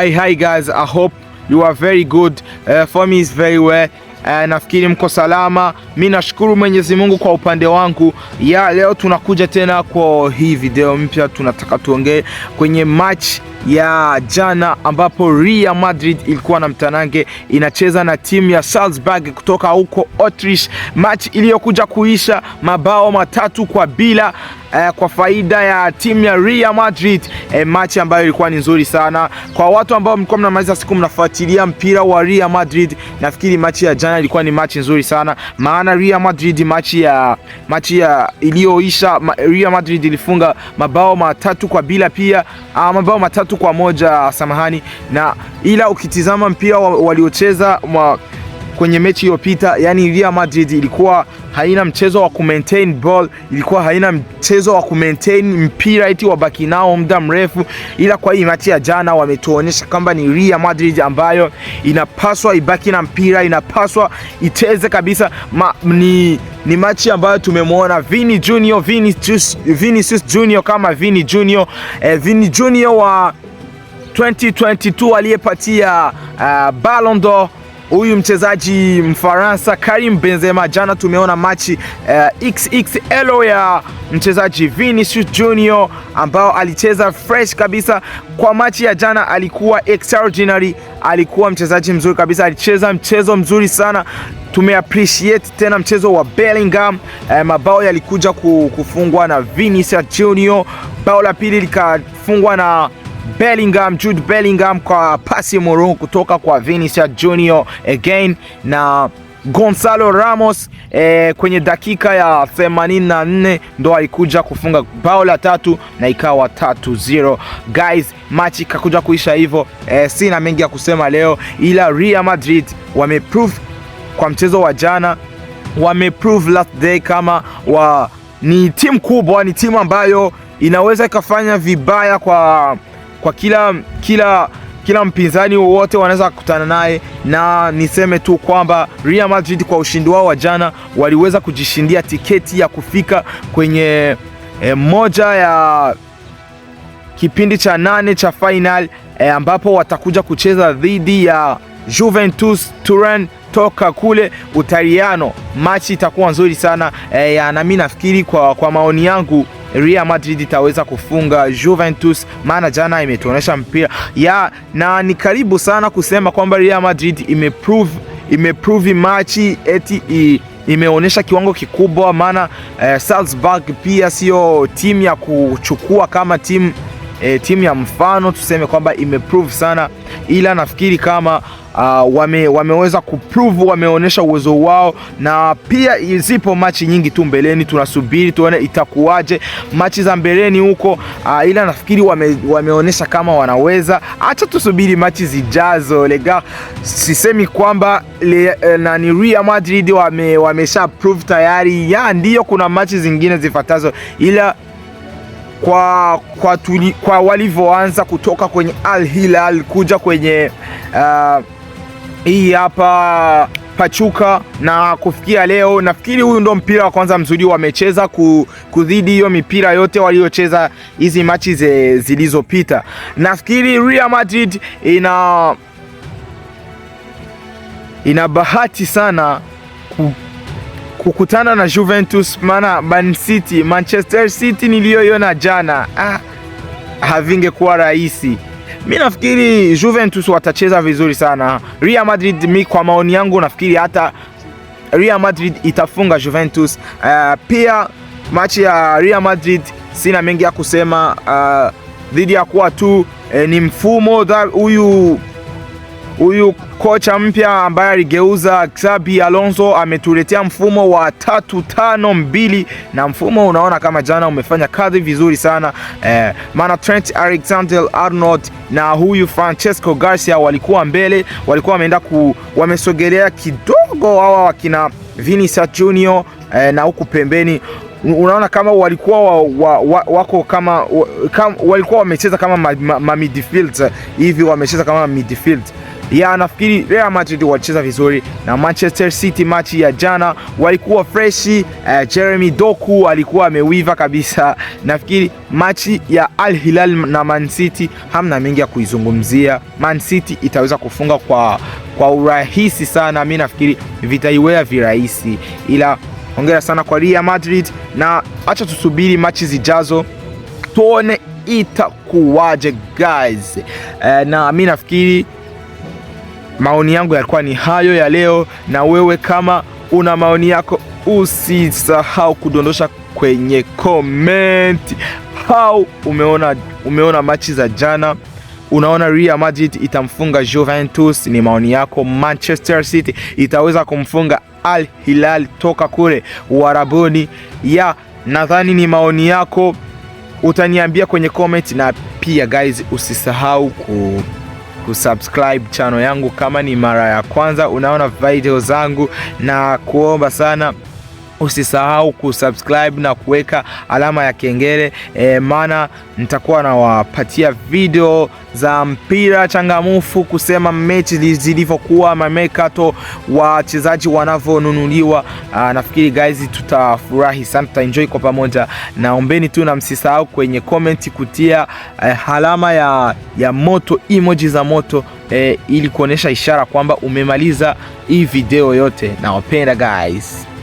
Hi, hi guys, I hope you are very good. Uh, for me is very well. Uh, nafikiri mko salama. Mi nashukuru Mwenyezi Mungu kwa upande wangu. Ya leo tunakuja tena kwa hii video mpya, tunataka tuongee kwenye match ya jana ambapo Real Madrid ilikuwa na mtanange inacheza na timu ya Salzburg kutoka huko Autriche, match iliyokuja kuisha mabao matatu kwa bila eh, kwa faida ya timu ya Real Madrid eh, machi ambayo ilikuwa ni nzuri sana kwa watu ambao mlikuwa mnamaliza siku mnafuatilia mpira wa Real Madrid. Nafikiri machi ya jana ilikuwa ni machi nzuri sana, maana Real Madrid machi ya machi ya iliyoisha ma, Real Madrid ilifunga mabao matatu kwa bila pia ah, mabao matatu kwa moja samahani, na ila ukitizama mpira waliocheza wa, kwenye mechi iliyopita yani Real Madrid ilikuwa haina mchezo wa kumaintain ball, ilikuwa haina mchezo wa kumaintain mpira eti wabaki nao muda mrefu, ila kwa hii mechi ya jana wametuonyesha kwamba ni Real Madrid ambayo inapaswa ibaki na mpira, inapaswa iteze kabisa ma, ni ni machi ambayo tumemwona Vini Junior, Vinicius, Vinicius Junior kama Vini Junior, eh, Vini Junior wa 2022 aliyepatia uh, Ballon d'Or huyu mchezaji Mfaransa Karim Benzema. Jana tumeona machi uh, eh, XXL ya mchezaji Vinicius Junior ambao alicheza fresh kabisa kwa machi ya jana, alikuwa extraordinary, alikuwa mchezaji mzuri kabisa, alicheza mchezo mzuri sana. Tumeappreciate tena mchezo wa Bellingham eh, mabao yalikuja kufungwa na Vinicius Junior, bao la pili likafungwa na Bellingham, Jude Bellingham kwa pasi moro kutoka kwa Vinicius Junior again na Gonzalo Ramos eh, kwenye dakika ya 84 ndo alikuja kufunga bao la tatu na ikawa 3-0. Guys, machi ikakuja kuisha hivyo. Eh, sina mengi ya kusema leo, ila Real Madrid wameprove kwa mchezo wa jana, wameprove last day kama wa, ni timu kubwa, ni timu ambayo inaweza ikafanya vibaya kwa kwa kila kila kila mpinzani wowote wanaweza kukutana naye, na niseme tu kwamba Real Madrid kwa ushindi wao wa jana waliweza kujishindia tiketi ya kufika kwenye e, moja ya kipindi cha nane cha final e, ambapo watakuja kucheza dhidi ya Juventus Turin toka kule Utaliano. Machi itakuwa nzuri sana e, na mimi nafikiri kwa, kwa maoni yangu Real Madrid itaweza kufunga Juventus, maana jana imetuonyesha mpira ya na ni karibu sana kusema kwamba Real Madrid imeprove imeprove machi eti i, imeonyesha kiwango kikubwa, maana eh, Salzburg pia sio timu ya kuchukua kama timu eh, timu ya mfano tuseme kwamba imeprove sana, ila nafikiri kama uh, wame, wameweza kuprove, wameonyesha uwezo wao, na pia zipo machi nyingi tu mbeleni, tunasubiri tuone itakuwaje machi za mbeleni huko uh, ila nafikiri wame, wameonyesha kama wanaweza. Acha tusubiri machi zijazo lega, sisemi kwamba le, eh, nani Real Madrid wame, wamesha prove tayari ya ndiyo, kuna machi zingine zifatazo ila kwa, kwa, kwa walivyoanza kutoka kwenye Al Hilal kuja kwenye uh, hii hapa pachuka na kufikia leo nafikiri huyu ndo mpira wa kwanza mzuri wamecheza kudhidi hiyo mipira yote waliocheza hizi machi zilizopita. Nafikiri Real Madrid ina ina bahati sana kukutana na Juventus, maana Man City, Manchester City niliyoiona jana ah, havingekuwa rahisi. Mi nafikiri Juventus watacheza vizuri sana. Real Madrid, mi kwa maoni yangu nafikiri hata Real Madrid itafunga Juventus. Uh, pia machi ya Real Madrid sina mengi ya kusema uh, dhidi ya kuwa tu eh, ni mfumo huyu Huyu kocha mpya ambaye aligeuza Xabi Alonso ametuletea mfumo wa tatu tano mbili, na mfumo unaona kama jana umefanya kazi vizuri sana eh, maana Trent Alexander-Arnold na huyu Francesco Garcia walikuwa mbele, walikuwa wameenda ku wamesogelea kidogo hawa wakina Vinicius Junior eh, na huku pembeni unaona kama walikuwa wa, wa, wa, wako kama, wa, kama walikuwa wamecheza kama ma, ma, ma midfield hivi wamecheza kama midfield ya nafikiri Real Madrid walicheza vizuri na Manchester City. Machi ya jana walikuwa freshi. Uh, Jeremy Doku alikuwa amewiva kabisa. Nafikiri machi ya Al Hilal na Man City hamna mengi ya kuizungumzia. Man City itaweza kufunga kwa, kwa urahisi sana. Mi nafikiri vitaiwea virahisi, ila hongera sana kwa Real Madrid, na acha tusubiri machi zijazo tuone itakuwaje guys. Uh, na mi nafikiri Maoni yangu yalikuwa ni hayo ya leo, na wewe kama una maoni yako usisahau kudondosha kwenye komenti. au umeona, umeona machi za jana? Unaona Real Madrid itamfunga Juventus? Ni maoni yako. Manchester City itaweza kumfunga Al Hilal toka kule Uarabuni? Ya, nadhani ni maoni yako, utaniambia kwenye comment, na pia guys, usisahau ku kusubscribe channel yangu kama ni mara ya kwanza unaona video zangu, na kuomba sana usisahau kusubscribe na kuweka alama ya kengele e, maana nitakuwa nawapatia video za mpira changamfu kusema mechi zilivyokuwa, mamekato wachezaji wanavyonunuliwa. Nafikiri guys, tutafurahi sana, tutaenjoy kwa pamoja. Naombeni tu na msisahau kwenye comment kutia e, alama ya, ya moto, emoji za moto e, ili kuonyesha ishara kwamba umemaliza hii video yote. Nawapenda guys.